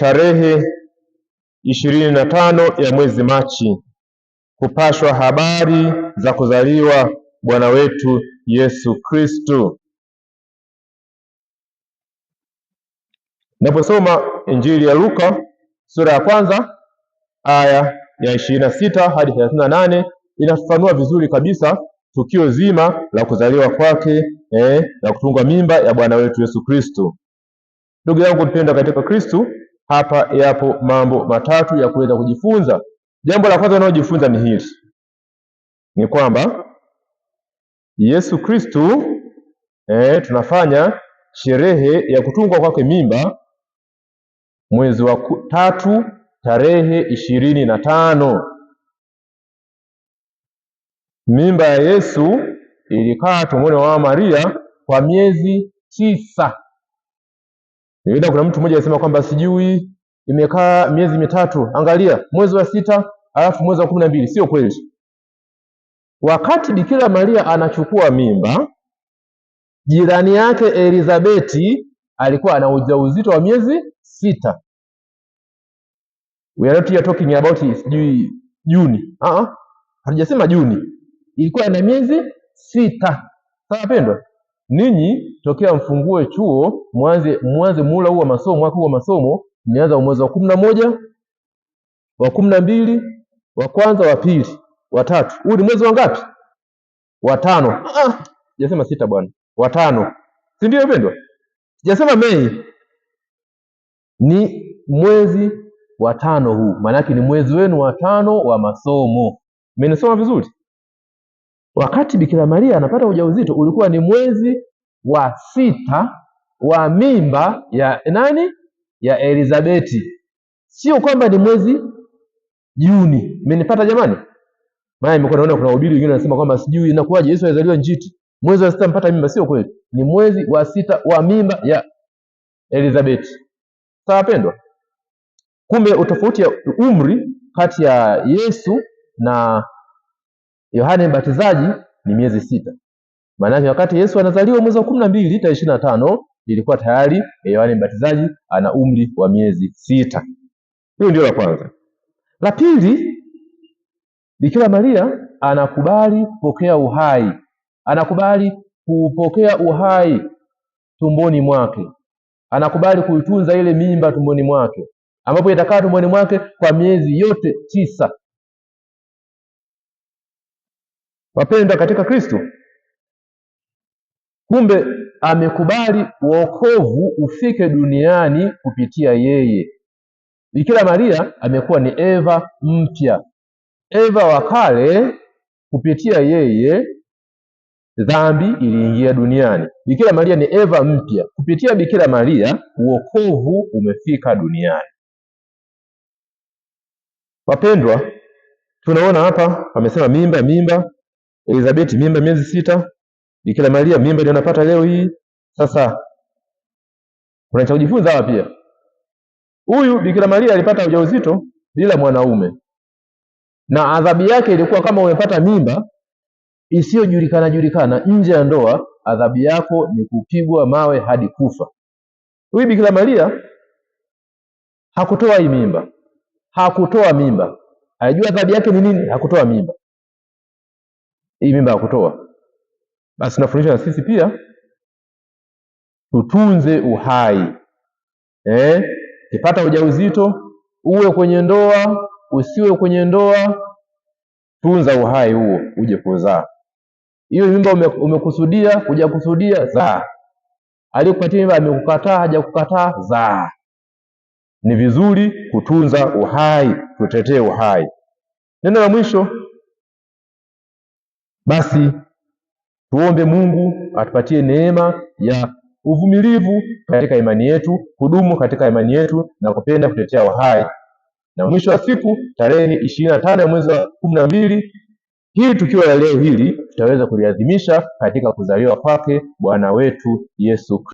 tarehe ishirini na tano ya mwezi Machi kupashwa habari za kuzaliwa Bwana wetu Yesu Kristo. Naposoma Injili ya Luka sura ya kwanza aya ya ishirini na sita hadi thelathini na nane inafafanua vizuri kabisa tukio zima la kuzaliwa kwake eh, na kutungwa mimba ya Bwana wetu Yesu Kristo. Ndugu yangu mpendwa katika Kristo, hapa yapo mambo matatu ya kuweza kujifunza. Jambo la kwanza unayojifunza ni hili, ni kwamba Yesu Kristu eh, tunafanya sherehe ya kutungwa kwake mimba mwezi wa tatu tarehe ishirini na tano. Mimba ya Yesu ilikaa tumboni wa Maria kwa miezi tisa. Nimeona kuna mtu mmoja alisema kwamba sijui imekaa miezi mitatu, angalia mwezi wa sita alafu mwezi wa kumi na mbili. Sio kweli. Wakati Bikira Maria anachukua mimba, jirani yake Elizabeti alikuwa ana ujauzito wa miezi sita. We are not here talking about sijui Juni. Ah, ah, hatujasema Juni, ilikuwa na miezi sita. Sawa pendwa. Ninyi tokea mfungue chuo mwanze mwanze mula huu wa masomo, mwaka huu wa masomo, mmeanza mwezi wa kumi na moja, wa kumi na mbili, wa kwanza, wa pili, wa tatu. Huu ni mwezi wa ngapi? Wa tano. Ah, ah. sijasema sita bwana, wa tano, si ndio pendwa? Sijasema Mei, ni mwezi wa tano huu, maanake ni mwezi wenu wa tano wa masomo. Mmenisoma vizuri? Wakati Bikira Maria anapata ujauzito ulikuwa ni mwezi wa sita wa mimba ya nani? Ya Elizabeti, sio kwamba ni mwezi Juni. Mmenipata jamani? Maana nimekuwa naona kuna wahubiri wengine wanasema kwamba sijui inakuwaje Yesu alizaliwa njiti mwezi wa sita mpata mimba. Sio kweli, ni mwezi wa sita wa mimba ya Elizabeth. Sawa wapendwa, kumbe utofauti ya umri kati ya Yesu na Yohane Mbatizaji ni miezi sita. Maanake wakati Yesu anazaliwa mwezi wa kumi na mbili tarehe ishirini na tano ilikuwa tayari Yohane Mbatizaji ana umri wa miezi sita. Hiyo ndio la kwanza. La pili, Bikira Maria anakubali kupokea uhai, anakubali kupokea uhai tumboni mwake, anakubali kuitunza ile mimba tumboni mwake, ambapo itakaa tumboni mwake kwa miezi yote tisa. wapendwa katika Kristo, kumbe amekubali wokovu ufike duniani kupitia yeye. Bikira Maria amekuwa ni Eva mpya, Eva wa kale. Kupitia yeye dhambi iliingia duniani. Bikira Maria ni Eva mpya, kupitia Bikira Maria wokovu umefika duniani. Wapendwa, tunaona hapa amesema mimba mimba Elizabeth mimba miezi sita, Bikira Maria mimba ndio anapata leo hii. Sasa kuna cha kujifunza hapa pia. Huyu Bikira Maria alipata ujauzito bila mwanaume, na adhabu yake ilikuwa kama umepata mimba isiyojulikana julikana nje ya ndoa, adhabu yako ni kupigwa mawe hadi kufa. Huyu Bikira Maria hakutoa hii mimba, hakutoa mimba, ajua adhabu yake ni nini, hakutoa mimba hii mimba ya kutoa. Basi tunafundishwa na sisi pia tutunze uhai eh, kipata ujauzito uwe kwenye ndoa usiwe kwenye ndoa, tunza uhai huo uje kuzaa. Hiyo mimba umekusudia kuja kusudia, zaa. Aliyekupatia mimba amekukataa, hajakukataa, zaa. Ni vizuri kutunza uhai, tutetee uhai. Neno la mwisho basi tuombe Mungu atupatie neema ya uvumilivu katika imani yetu, kudumu katika imani yetu na kupenda kutetea wahai. Na mwisho wa siku tarehe ishirini na tano ya mwezi wa kumi na mbili hii tukio la leo hili tutaweza kuliadhimisha katika kuzaliwa kwake Bwana wetu Yesu Kristo.